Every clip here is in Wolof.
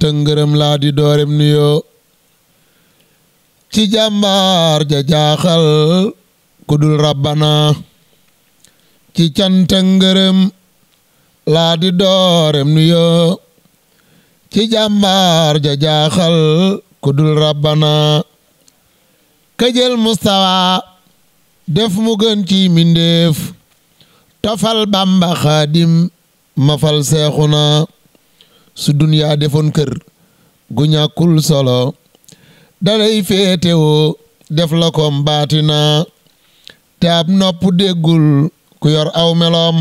cant ngërëm laa ci jàmbaar ja jaaxal ku rabbana ci cant ngërëm laa di doorem nuyoo ci jàmbaar ja jaaxal ku rabbana këjël mustawa def mu gën ci mindeef tofal bamba xaadim mafal seexuna su duniyaa defoon kër gu ñàkkul solo dalay féetewoo def la ko mbaatina te ab nopp déggul ku yor aw meloom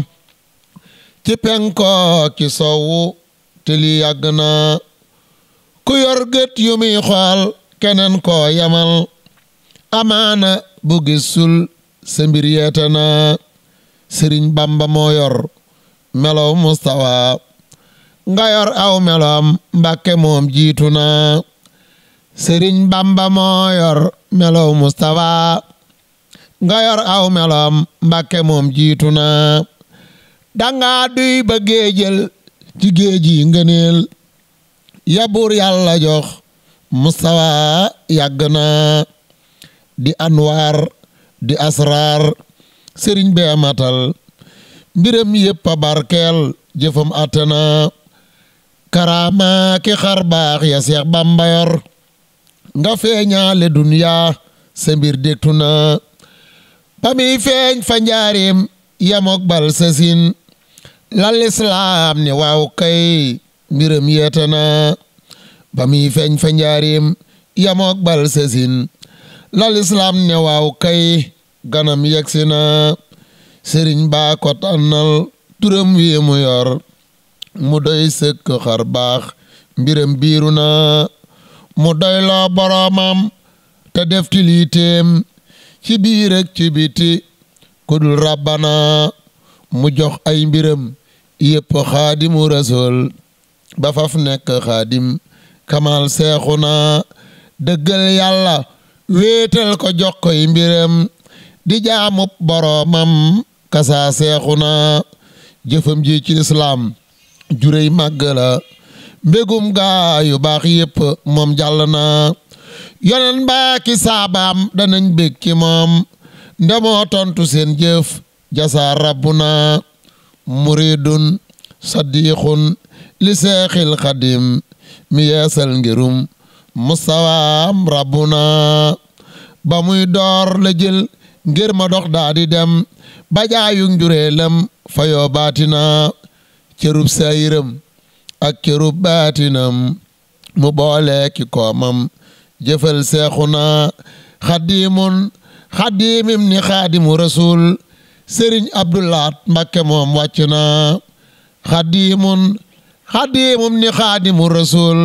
ci penkoo ci sowwu te li yàgg na ku yor gët yu muy xool keneen koo yamal amaana bu gisul sul mbir yeete na sëriñ bamba moo yor melow mustawa nga yor aw meloom mbàkke moom jiitu na sëriñ bamba moo yor melow mustafa nga yor aw meloom mbakke moom jiitu na danga duy ba géejël ci géej yi ya buur yàlla jox mustafa yàgg na di anwaar di asraar sëriñ bee matal mbiram barkeel jëfam àtte na karaama xar baax ya seex bamba yor nga feeñaale duniya sa mbir na ba muy feeñ fa njaarim yamook bal sasin lal islaam ne waaw kay mbiram yeete na ba muy feeñ fa njaarim yamook bal sasin lal islaam ne waaw kay ganam yegsi na sëriñ baa ko tànnal turam wi yor mu doy sëkk xar baax mbiram biiru na mu doy loo boroomam te def tiliteem ci biir ak ci biti kudul rabbana mu jox ay mbiram yëpp xaadimu rasul ba faf nekk xaadim kamal seexu na dëggal yàlla wéetal ko jox koy mbiram di jaamub boroomam kasaa seexu na jëfam ji ci lislaam juréy màgg la mbégum gaa yu baax yépp moom jàll na yonen baaki ki saabaam danañ bég ci moom ndemoo tontu seen jëf jasaa rabbuna muridun sadiqun li seexil xadim mi yeesal ngirum mustawaam rabbuna ba muy door la jël ngir ma dox daa di dem bajaayu njureelam fayoo baatina cërub sayiram ak cërub baatinam mu boole ki koomam jëfal seexuna xadimun xadimim ni xadimu rasul sëriñ abdulaat mbakke moom wàcc na xadimun xadimum ni xadimu rasul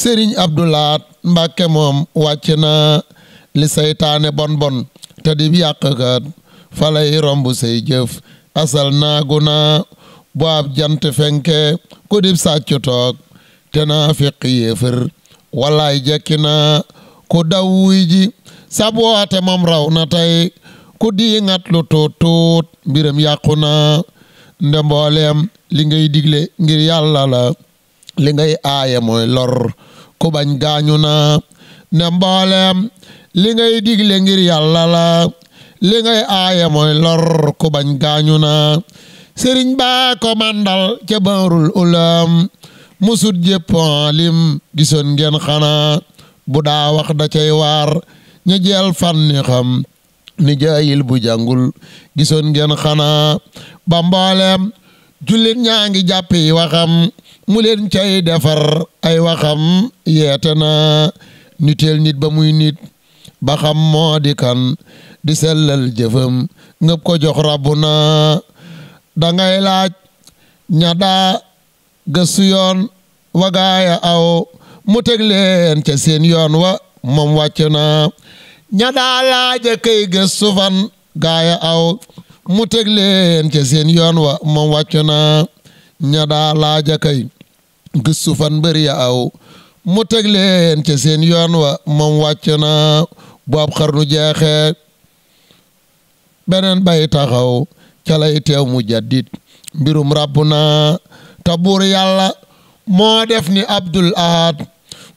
sëriñ abdulaat mbakke moom wàcc na li seytaane bon bon te di yàqkat falay romb say jëf asal naagu bu jant fenke ku dib sàccu toog te naa fiq yéefër wallaay jekki naa ku daw wuy ji saboote moom raw na tey ku diingat lu tuut tuut mbiram yàqu naa nde mbooleem li ngay digle ngir yàlla la li ngay aaye mooy lor ku bañ gaañu ngir yàlla la li ngay aaye mooy lor ku bañ gaañu naa sëriñ baa ko mandal ca baarul ulaam musut jëppon lim gisoon ngeen xanaa bu daa wax da cay waar ña jeel fànni xam ni bu jàngul gisoon ngeen xanaa ba mbooleem jullit ñaa ngi jàppi waxam mu leen cay defar ay waxam yeete na niteel nit ba muy nit ba xam moo di kan di sellal jëfam ngëb ko jox rabbu naa dangay laaj ña daa gëstu yoon wa gaaya aw mu teg leen ca seen yoon wa moom wàcc na ña daa laaj a kay gëstu fan gaaya aw mu teg leen ca seen yoon wa moom wàcc na ña daa laaj a kay fan bëri ya aw mu teg leen ca seen yoon wa moom wàcc na bu ab xarnu jeexee beneen bay taxaw ca lay teew mu jaddit mbirum rabbuna te buur yàlla moo def ni abdul ahad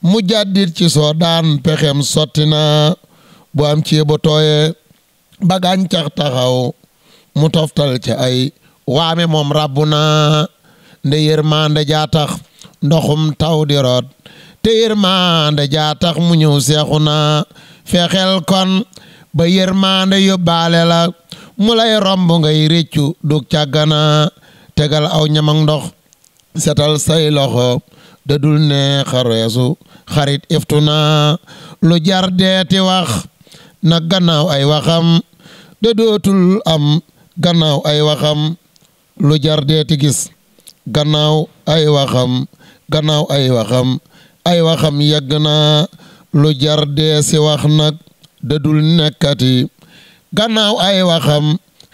mu jaddit ci soo daan pexem sotti na bu am ci ba tooye ba gàncax taxaw mu toftal ca ay waame moom rabbuna nde yërmande jaa tax ndoxum taw di root te jaa tax mu ñëw seexu fexeel kon ba yërmande yóbbaale la mu lay romb ngay réccu du càggana tegal aw ñamag ndox setal say loxo dadul ne xareesu xarit iftu naa lu jar deeti wax na gannaaw ay waxam da dootul am gannaaw ay waxam lu jar deeti gis gannaaw ay waxam gannaaw ay waxam ay waxam yegg naa lu jar dee si wax nag dadul nekkati gannaaw ay waxam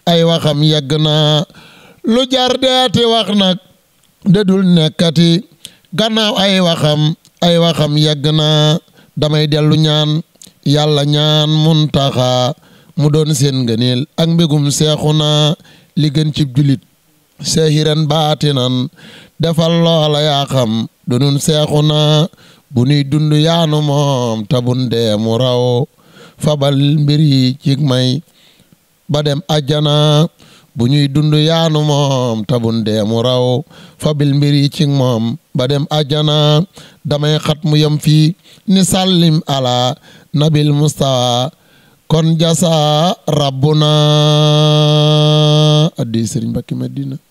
ay waxam yegg naa lu jar wax nag dedul nekkati gannaaw ay waxam ay waxam yegg naa damay dellu ñaan yàlla ñaan muntaxa mu doon seen ngëneel ak mbegum seexu na li gën cib julit seexiren baatinan defal loola yaa xam dunun seexu naa bu nuy dund yaanu moom tabun dee mu raw fabal mbir yi cig may ba dem ajana bu ñuy dund yaanu moom tabun dee mu raw fabil mbir yi ci moom ba dem ajjana damay xat mu yem fii ni sallim ala nabil musta kon jasa rabbuna addi sëriñ Mbàkke Madina